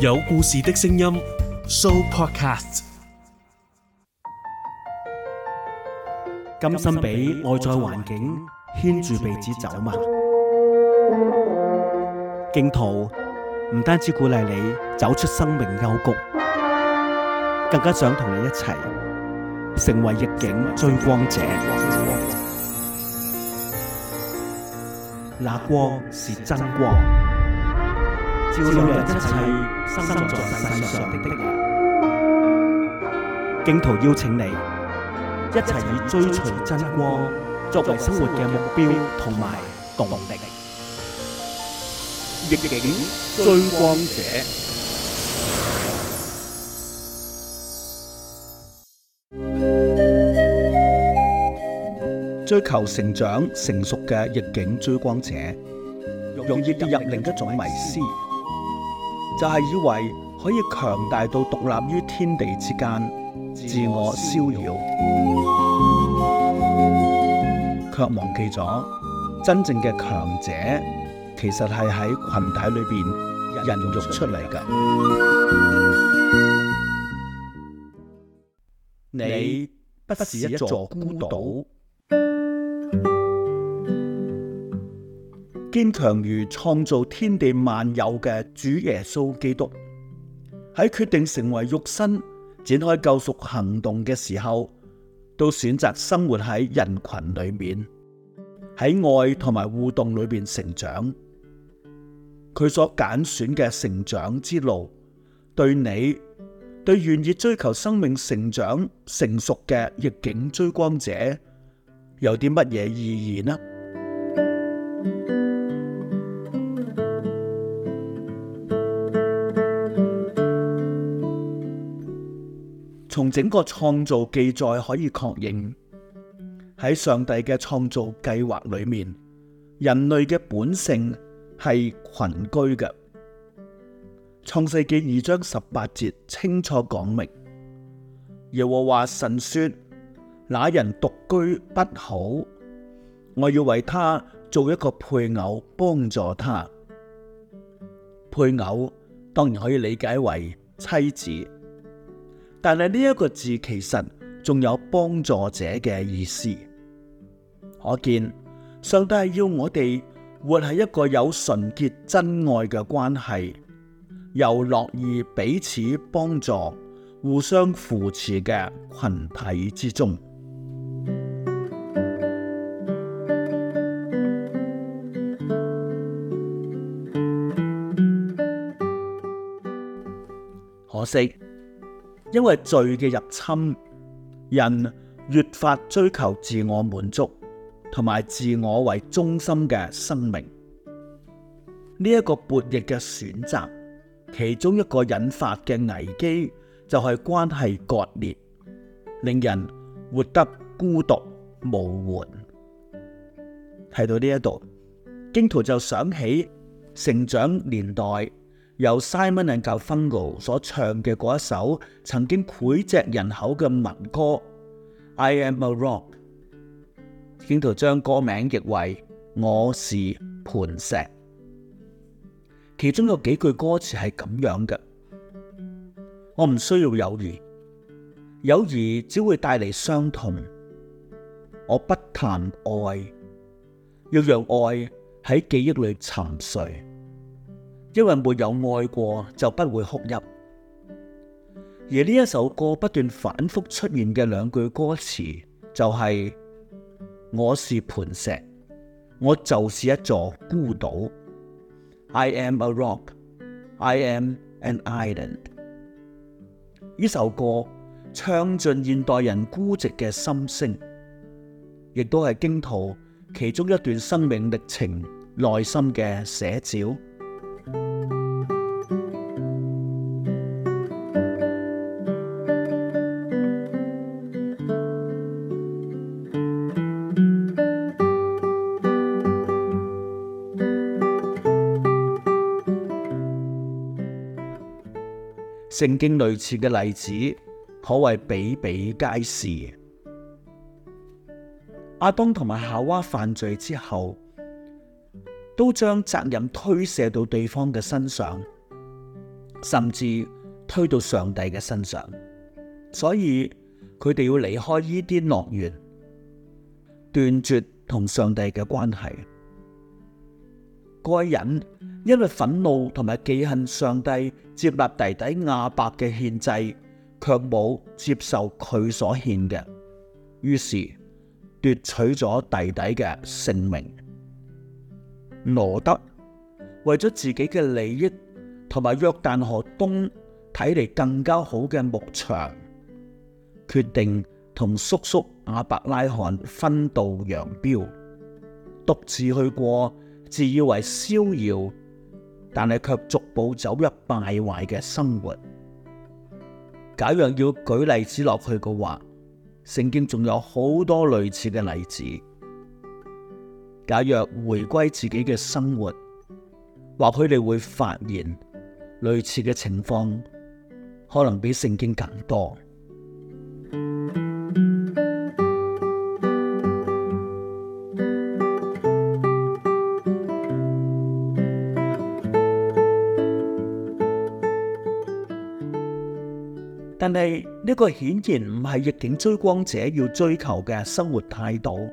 有故事的聲音，Sooopodcast。甘心俾外在環境牽住鼻子走嘛？荊徒唔單止鼓勵你走出生命幽谷，更加想同你一齊成為逆境追光者。那光是真光。照亮一切生在世上的的人，荊徒邀請你一齊以追隨真光作為生活嘅目標同埋動力。逆境追光者，追求成長成熟嘅逆境追光者，容易跌入另一種迷思。就係、是、以為可以強大到獨立於天地之間，自我逍遙，卻忘記咗真正嘅強者其實係喺群體裏邊孕育出嚟㗎。你不是一座孤島。堅強如創造天地萬有嘅主耶穌基督，喺決定成為肉身展開救贖行動嘅時候，都選擇生活喺人群裏面，喺愛同埋互動裏面成長。佢所揀選嘅成長之路，對你，對願意追求生命成長成熟嘅逆境追光者，有啲乜嘢意義呢？從整個創造記載可以確認，喺上帝嘅創造計劃裏面，人類嘅本性係群居嘅。創世記二章十八節清楚講明，耶和華神說：那人獨居不好，我要為他做一個配偶幫助他。配偶當然可以理解為妻子。但係呢一個字其實仲有幫助者嘅意思，可見上帝係要我哋活喺一個有純潔真愛嘅關係，又樂意彼此幫助、互相扶持嘅群體之中。可惜。因為罪嘅入侵，人越發追求自我滿足同埋自我為中心嘅生命，呢一個悖逆嘅選擇，其中一個引發嘅危機就係關係割裂，令人活得孤獨無援。睇到呢一度，荊徒就想起成長年代，由 Simon and Garfunkel 所唱嘅嗰一首曾經膾炙人口嘅民歌《I Am a Rock》，荊徒將歌名譯為《我是磐石》。其中有幾句歌詞係咁樣嘅：我唔需要友誼，友誼只會帶嚟傷痛。我不談愛，要讓愛喺記憶裏沉睡。因為沒有愛過，就不會哭泣。而呢一首歌不斷反覆出現嘅兩句歌詞，就係、是：我是磐石，我就是一座孤島。I am a rock, I am an island。呢首歌唱盡現代人孤寂嘅心聲，亦都係荊徒其中一段生命歷程內心嘅寫照。聖經類似嘅例子可謂比比皆是。亞當同埋夏娃犯罪之後，都將責任推卸到對方嘅身上，甚至推到上帝嘅身上，所以佢哋要離開呢啲樂園，斷絕同上帝嘅關係。該隱因為憤怒同埋忌恨上帝接納弟弟亞伯嘅獻祭，卻冇接受佢所獻嘅，於是奪取咗弟弟嘅性命。羅得為咗自己嘅利益同埋約旦河東睇嚟更加好嘅牧場，決定同叔叔亞伯拉罕分道揚鑣，獨自去過。自以為逍遙，但係卻逐步走入敗壞嘅生活。假若要舉例子落去嘅話，聖經仲有好多類似嘅例子。假若回歸自己嘅生活，或許你會發現類似嘅情況，可能比聖經更多。但係呢，這個顯然唔係逆境追光者要追求嘅生活態度。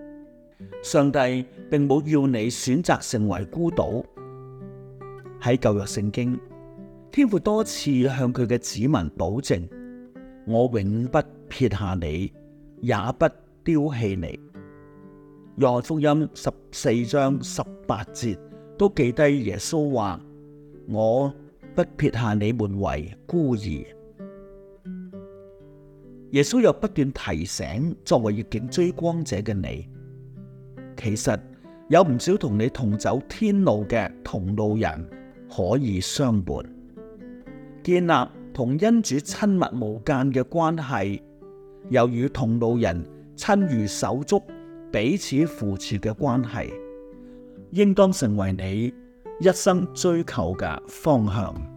上帝並冇要你選擇成為孤島。喺舊約聖經，天父多次向佢嘅子民保證：我永不撇下你，也不丟棄你。約翰福音十四章十八節都記低耶穌話：我不撇下你們為孤兒。耶穌又不斷提醒作為逆境追光者嘅你，其實有唔少同你同走天路嘅同路人可以相伴，建立同恩主親密無間嘅關係，又與同路人親如手足、彼此扶持嘅關係，應當成為你一生追求嘅方向。